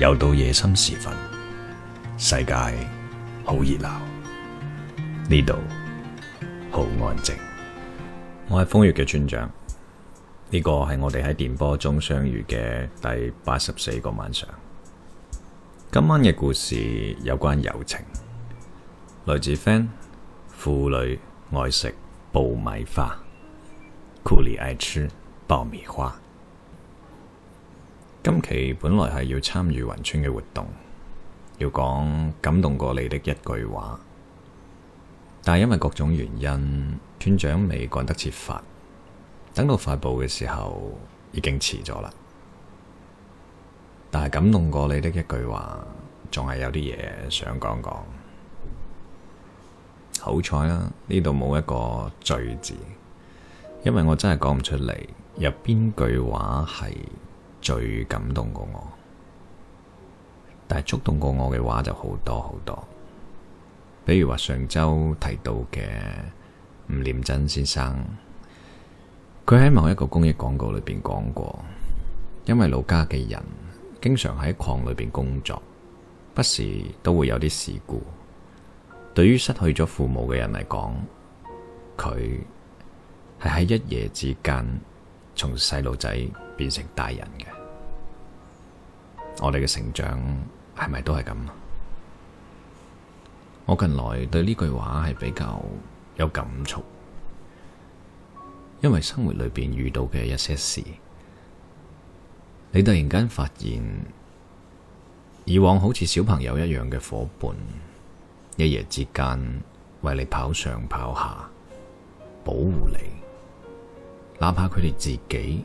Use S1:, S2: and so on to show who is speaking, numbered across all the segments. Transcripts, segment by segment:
S1: 又到夜深時分，世界好熱鬧，呢度好安靜。我係瘋粵嘅村長，呢個係我哋喺電波中相遇嘅第八十四個晚上。今晚嘅故事有關友情，來自 fan，婦女愛食爆米花，c o o l 庫里愛吃爆米花。今期本來係要參與雲村嘅活動，要講感動過你的一句話，但係因為各種原因，村長未趕得切發，等到發佈嘅時候已經遲咗啦。但係感動過你的一句話，仲係有啲嘢想講講。好彩啦，呢度冇一個“最”字，因為我真係講唔出嚟，有邊句話係。最感動過我，但係觸動過我嘅話就好多好多。比如話上週提到嘅吳念真先生，佢喺某一個公益廣告裏邊講過，因為老家嘅人經常喺礦裏邊工作，不時都會有啲事故。對於失去咗父母嘅人嚟講，佢係喺一夜之間。從細路仔變成大人嘅，我哋嘅成長係咪都係咁啊？我近來對呢句話係比較有感觸，因為生活裏面遇到嘅一些事，你突然間發現以往好似小朋友一樣嘅伙伴，一夜之間為你跑上跑下，保護你。哪怕佢哋自己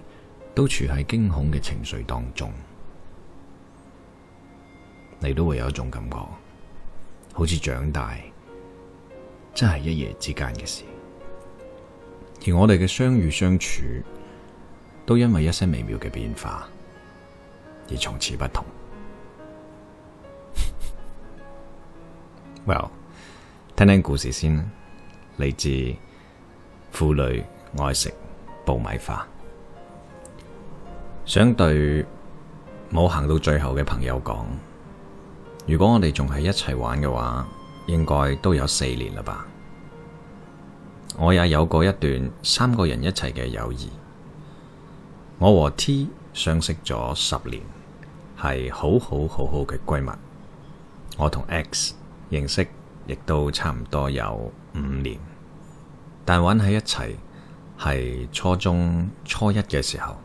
S1: 都處喺驚恐嘅情緒當中，你都會有一種感覺，好似長大真係一夜之間嘅事。而我哋嘅相遇相處都因為一些微妙嘅變化而從此不同。 Well，聽聽故事先，嚟自庫里愛食。爆米花，想對冇行到最後嘅朋友講：如果我哋仲係一齊玩嘅話，應該都有四年啦吧。我也有過一段三個人一齊嘅友誼。我和 T 相識咗十年，係好好好好嘅閨蜜。我同 X 認識亦都差唔多有五年，但玩喺一齊。係初中初一嘅時候，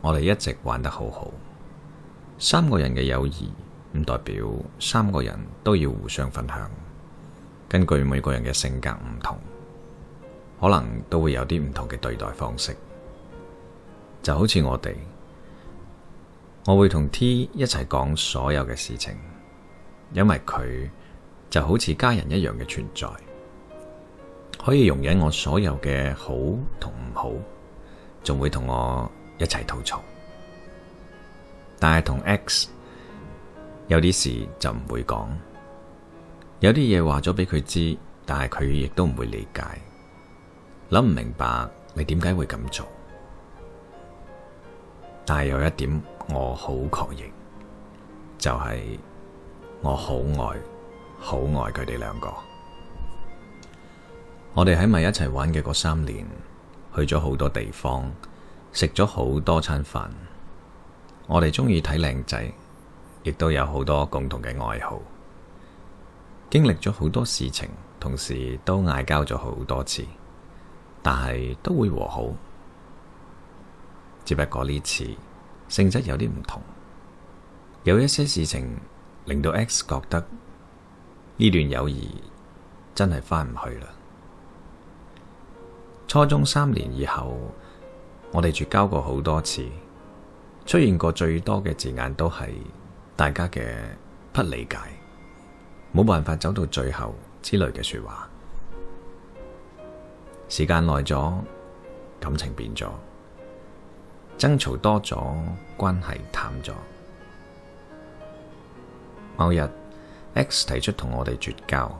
S1: 我哋一直玩得好好。三個人嘅友誼唔代表三個人都要互相分享。根據每個人嘅性格唔同，可能都會有啲唔同嘅對待方式。就好似我哋，我會同 T 一齊講所有嘅事情，因為佢就好似家人一樣嘅存在。可以容忍我所有嘅好同唔好，仲會同我一齊吐槽。但係同 X 有啲事就唔會講，有啲嘢話咗俾佢知，但係佢亦都唔會理解，諗唔明白你點解會咁做。但係有一點我好確認，就係我好愛，好愛佢哋兩個。我哋喺埋一齊玩嘅嗰三年，去咗好多地方，食咗好多餐飯。我哋鍾意睇靚仔，亦都有好多共同嘅愛好。經歷咗好多事情，同時都嗌交咗好多次，但係都會和好。只不過呢次性質有啲唔同，有一些事情令到 X 覺得呢段友誼真係翻唔去啦。初中三年以後，我哋絕交過好多次，出現過最多嘅字眼都係大家嘅不理解，冇辦法走到最後之類嘅說話。時間耐咗，感情變咗，爭吵多咗，關係淡咗。某日，X 提出同我哋絕交。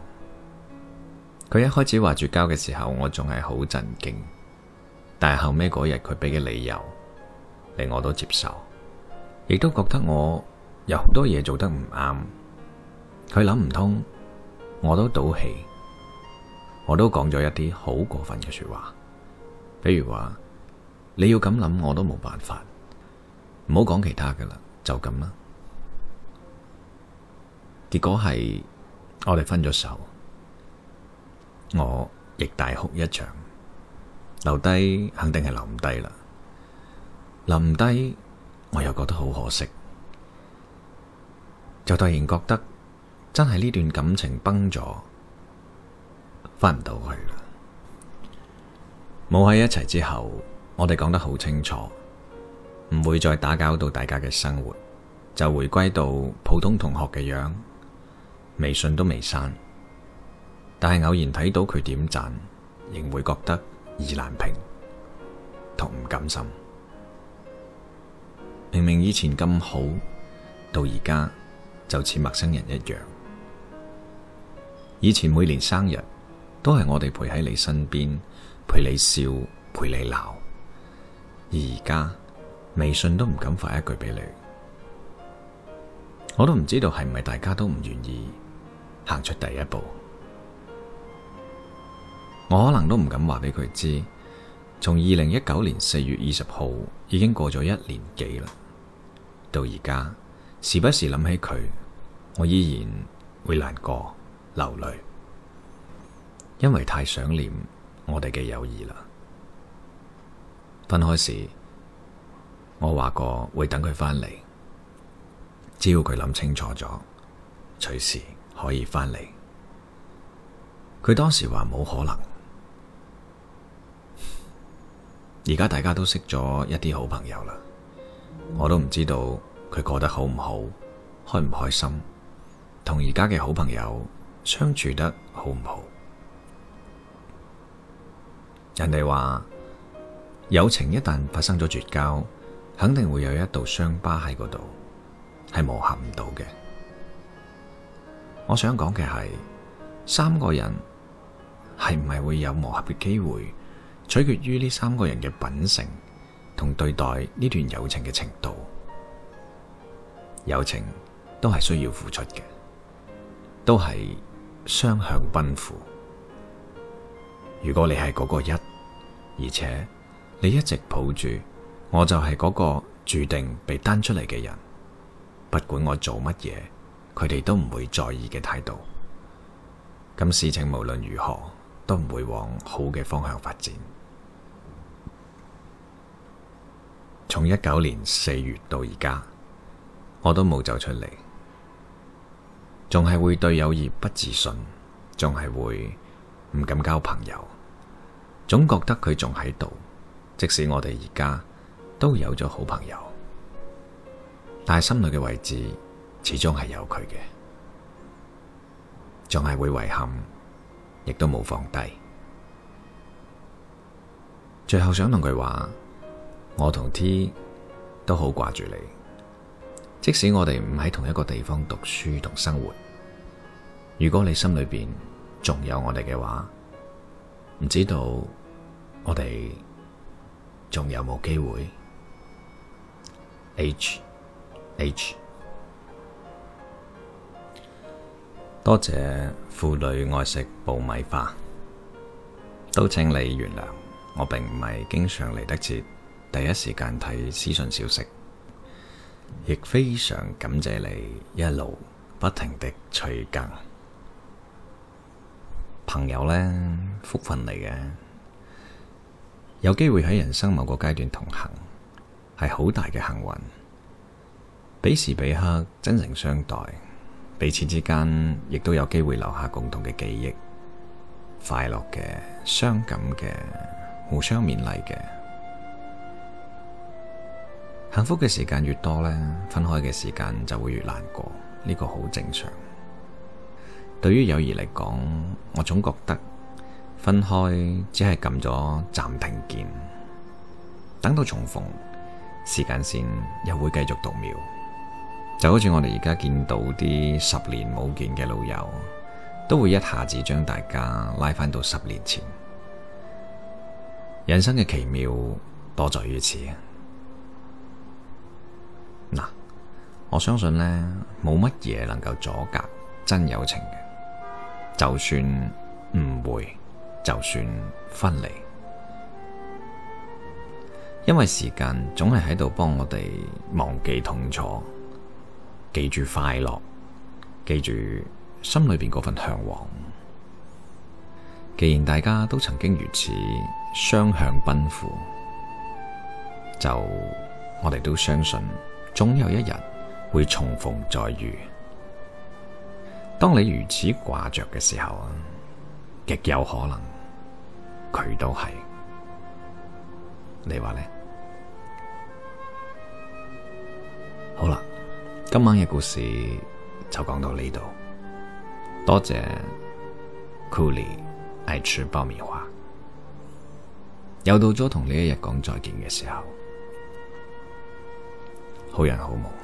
S1: 佢一開始話絕交嘅時候，我仲係好震驚。但係後尾嗰日佢俾嘅理由，令我都接受，亦都覺得我有好多嘢做得唔啱。佢諗唔通，我都賭氣，我都講咗一啲好過分嘅說話，比如話你要咁諗，我都冇辦法。唔好講其他㗎啦，就咁啦。結果係我哋分咗手。我亦大哭一場，留低肯定係留唔低啦，留唔低，我又覺得好可惜，就突然覺得真係呢段感情崩咗，翻唔到去啦。冇喺一齊之後，我哋講得好清楚，唔會再打攪到大家嘅生活，就回歸到普通同學嘅樣，微信都未刪。但係偶然睇到佢點讚，仍會覺得意難平同唔甘心。明明以前咁好，到而家就似陌生人一樣。以前每年生日都係我哋陪喺你身邊，陪你笑，陪你鬧。而家微信都唔敢發一句俾你，我都唔知道係唔係大家都唔願意行出第一步。我可能都唔敢話俾佢知，從二零一九年四月二十號已經過咗一年幾啦。到而家，時不時諗起佢，我依然會難過、流淚，因為太想念我哋嘅友誼啦。分開時，我話過會等佢翻嚟，只要佢諗清楚咗，隨時可以翻嚟。佢當時話冇可能。而家大家都識咗一啲好朋友啦，我都唔知道佢過得好唔好，開唔開心，同而家嘅好朋友相處得好唔好？人哋話友情一旦發生咗絕交，肯定會有一道傷疤喺嗰度，係磨合唔到嘅。我想講嘅係三個人係唔係會有磨合嘅機會？取決於呢三個人嘅品性同對待呢段友情嘅程度，友情都係需要付出嘅，都係雙向奔赴。如果你係嗰個一，而且你一直抱住，我就係嗰個注定被單出嚟嘅人，不管我做乜嘢，佢哋都唔會在意嘅態度，咁事情無論如何都唔會往好嘅方向發展。從一九年四月到而家，我都冇走出嚟，仲係會對友誼不自信，仲係會唔敢交朋友，總覺得佢仲喺度。即使我哋而家都有咗好朋友，但係心裏嘅位置始終係有佢嘅，仲係會遺憾，亦都冇放低。最後想同佢話。我同 T 都好掛住你，即使我哋唔喺同一個地方讀書同生活。如果你心裏邊仲有我哋嘅話，唔知道我哋仲有冇機會？H H 多謝庫里愛食爆米花，都請你原諒我，並唔係經常嚟得切。第一時間睇私信消息，亦非常感謝你一路不停的催更。朋友呢，福分嚟嘅，有機會喺人生某個階段同行，係好大嘅幸運。彼時彼刻真誠相待，彼此之間亦都有機會留下共同嘅記憶，快樂嘅、傷感嘅、互相勉勵嘅。幸福嘅時間越多咧，分開嘅時間就會越難過，呢個好正常。對於友誼嚟講，我總覺得分開只係撳咗暫停鍵，等到重逢，時間線又會繼續讀秒。就好似我哋而家見到啲十年冇見嘅老友，都會一下子將大家拉翻到十年前。人生嘅奇妙多在於此啊！我相信呢，冇乜嘢能夠阻隔真友情嘅，就算誤會，就算分離，因為時間總係喺度幫我哋忘記痛楚，記住快樂，記住心裏邊嗰份向往。既然大家都曾經如此雙向奔赴，就我哋都相信，總有一日，會重逢再遇。當你如此掛着嘅時候啊，極有可能佢都係。你話呢？好啦，今晚嘅故事就講到呢度。多謝庫里愛吃爆米花。又到咗同呢一日講再見嘅時候，好人好夢。